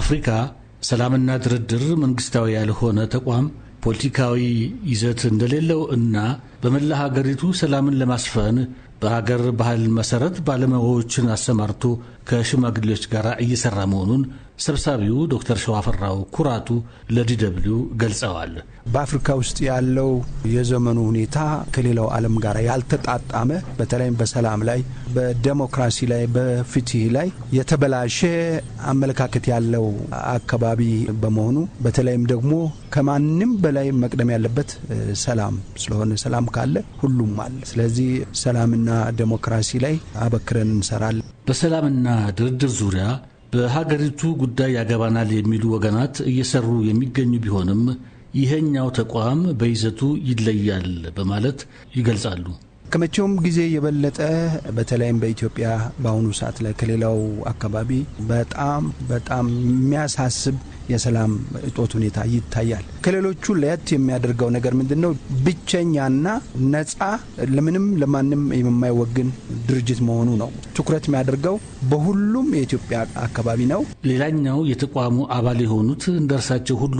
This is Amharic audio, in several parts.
አፍሪካ ሰላምና ድርድር መንግስታዊ ያልሆነ ተቋም ፖለቲካዊ ይዘት እንደሌለው እና በመላ ሀገሪቱ ሰላምን ለማስፈን በሀገር ባህል መሰረት ባለሙያዎችን አሰማርቶ ከሽማግሌዎች ጋር እየሰራ መሆኑን ሰብሳቢው ዶክተር ሸዋፈራው ኩራቱ ለዲደብሊው ገልጸዋል። በአፍሪካ ውስጥ ያለው የዘመኑ ሁኔታ ከሌላው ዓለም ጋር ያልተጣጣመ በተለይም በሰላም ላይ፣ በዴሞክራሲ ላይ፣ በፍትህ ላይ የተበላሸ አመለካከት ያለው አካባቢ በመሆኑ በተለይም ደግሞ ከማንም በላይ መቅደም ያለበት ሰላም ስለሆነ ሰላም ካለ ሁሉም አለ። ስለዚህ ሰላምና ዴሞክራሲ ላይ አበክረን እንሰራለን። በሰላምና ድርድር ዙሪያ በሀገሪቱ ጉዳይ ያገባናል የሚሉ ወገናት እየሰሩ የሚገኙ ቢሆንም ይሄኛው ተቋም በይዘቱ ይለያል በማለት ይገልጻሉ። ከመቼውም ጊዜ የበለጠ በተለይም በኢትዮጵያ በአሁኑ ሰዓት ላይ ከሌላው አካባቢ በጣም በጣም የሚያሳስብ የሰላም እጦት ሁኔታ ይታያል። ከሌሎቹ ለየት የሚያደርገው ነገር ምንድን ነው? ብቸኛና ነጻ ለምንም ለማንም የማይወግን ድርጅት መሆኑ ነው። ትኩረት የሚያደርገው በሁሉም የኢትዮጵያ አካባቢ ነው። ሌላኛው የተቋሙ አባል የሆኑት እንደርሳቸው ሁሉ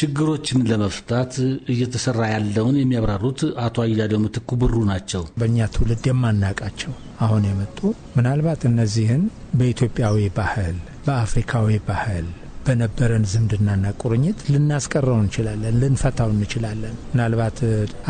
ችግሮችን ለመፍታት እየተሰራ ያለውን የሚያብራሩት አቶ አያሌው ምትኩ ብሩ ናቸው። በእኛ ትውልድ የማናቃቸው አሁን የመጡ ምናልባት እነዚህን በኢትዮጵያዊ ባህል፣ በአፍሪካዊ ባህል በነበረን ዝምድናና ቁርኝት ልናስቀረው እንችላለን፣ ልንፈታው እንችላለን። ምናልባት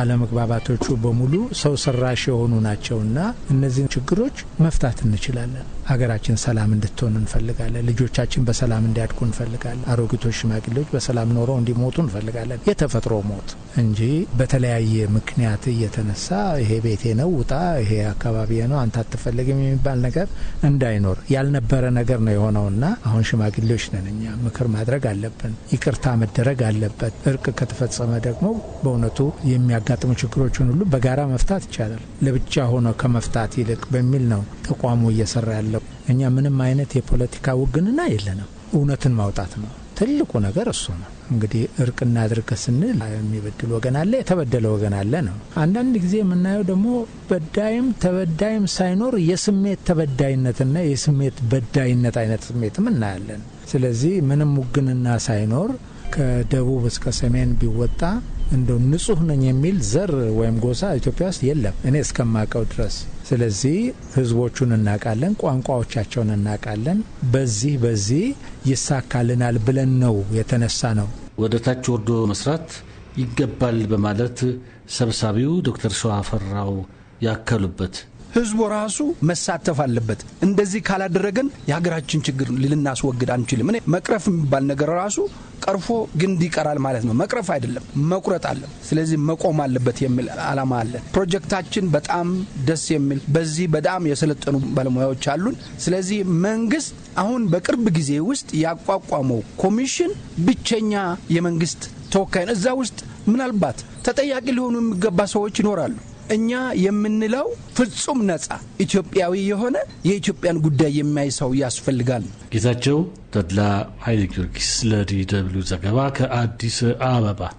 አለመግባባቶቹ በሙሉ ሰው ሰራሽ የሆኑ ናቸውና እነዚህን ችግሮች መፍታት እንችላለን። ሀገራችን ሰላም እንድትሆን እንፈልጋለን። ልጆቻችን በሰላም እንዲያድጉ እንፈልጋለን። አሮጊቶች፣ ሽማግሌዎች በሰላም ኖረው እንዲሞቱ እንፈልጋለን። የተፈጥሮ ሞት እንጂ በተለያየ ምክንያት እየተነሳ ይሄ ቤቴ ነው ውጣ፣ ይሄ አካባቢ ነው አንተ አትፈልግም የሚባል ነገር እንዳይኖር ያልነበረ ነገር ነው የሆነውና አሁን ሽማግሌዎች ነን ምክር ማድረግ አለብን። ይቅርታ መደረግ አለበት። እርቅ ከተፈጸመ ደግሞ በእውነቱ የሚያጋጥሙ ችግሮችን ሁሉ በጋራ መፍታት ይቻላል። ለብቻ ሆኖ ከመፍታት ይልቅ በሚል ነው ተቋሙ እየሰራ ያለው። እኛ ምንም አይነት የፖለቲካ ውግንና የለንም። እውነትን ማውጣት ነው። ትልቁ ነገር እሱ ነው። እንግዲህ እርቅና ድርቅ ስንል የሚበድል ወገን አለ፣ የተበደለ ወገን አለ ነው። አንዳንድ ጊዜ የምናየው ደግሞ በዳይም ተበዳይም ሳይኖር የስሜት ተበዳይነትና የስሜት በዳይነት አይነት ስሜትም እናያለን። ስለዚህ ምንም ውግንና ሳይኖር ከደቡብ እስከ ሰሜን ቢወጣ እንደው ንጹህ ነኝ የሚል ዘር ወይም ጎሳ ኢትዮጵያ ውስጥ የለም እኔ እስከማቀው ድረስ ስለዚህ ህዝቦቹን እናውቃለን፣ ቋንቋዎቻቸውን እናውቃለን። በዚህ በዚህ ይሳካልናል ብለን ነው የተነሳ ነው። ወደ ታች ወርዶ መስራት ይገባል በማለት ሰብሳቢው ዶክተር ሸዋ ፈራው ያከሉበት ህዝቡ ራሱ መሳተፍ አለበት። እንደዚህ ካላደረገን የሀገራችን ችግር ልናስወግድ አንችልም። እኔ መቅረፍ የሚባል ነገር ራሱ ቀርፎ ግንድ ይቀራል ማለት ነው። መቅረፍ አይደለም መቁረጥ አለ። ስለዚህ መቆም አለበት የሚል አላማ አለ። ፕሮጀክታችን በጣም ደስ የሚል በዚህ በጣም የሰለጠኑ ባለሙያዎች አሉን። ስለዚህ መንግስት አሁን በቅርብ ጊዜ ውስጥ ያቋቋመው ኮሚሽን ብቸኛ የመንግስት ተወካይ ነው። እዛ ውስጥ ምናልባት ተጠያቂ ሊሆኑ የሚገባ ሰዎች ይኖራሉ። እኛ የምንለው ፍጹም ነጻ ኢትዮጵያዊ የሆነ የኢትዮጵያን ጉዳይ የሚያይ ሰው ያስፈልጋል። ጌታቸው ተድላ ኃይለ ጊዮርጊስ ለዲ ደብልዩ ዘገባ ከአዲስ አበባ